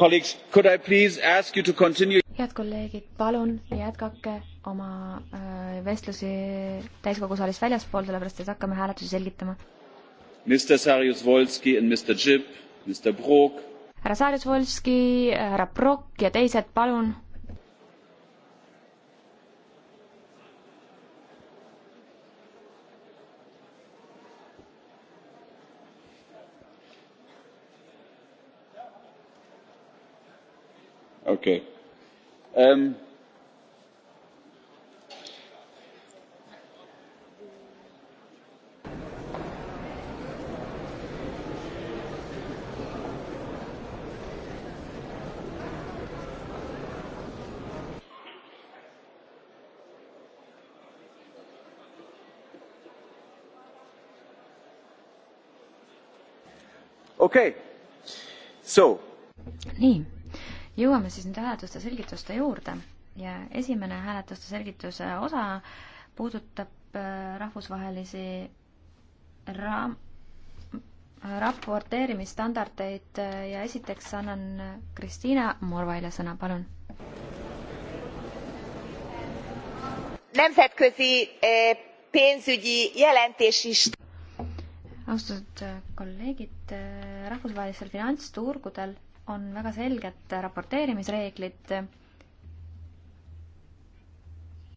colleagues, could I please ask you to continue? head kolleegid, palun jätkake oma äh, vestlusi täiskogu saalis väljaspool, sellepärast et hakkame hääletusi selgitama. Mr Sarjus Volski and Mr Jib, Mr Brok. härra Sarjus Volski, härra Brok ja teised, palun Okay. Um, ehm, okei okay., so. nii jõuame siis nüüd hääletuste selgituste juurde ja esimene hääletuste selgituse osa puudutab äh, rahvusvahelisi ra-, raporteerimisstandardeid äh, ja esiteks annan Kristiina Morvaile sõna, palun. nemzetközi äh, pénzügyi jelentési austatud kolleegid, rahvusvahelistel finantsturgudel on väga selged raporteerimisreeglid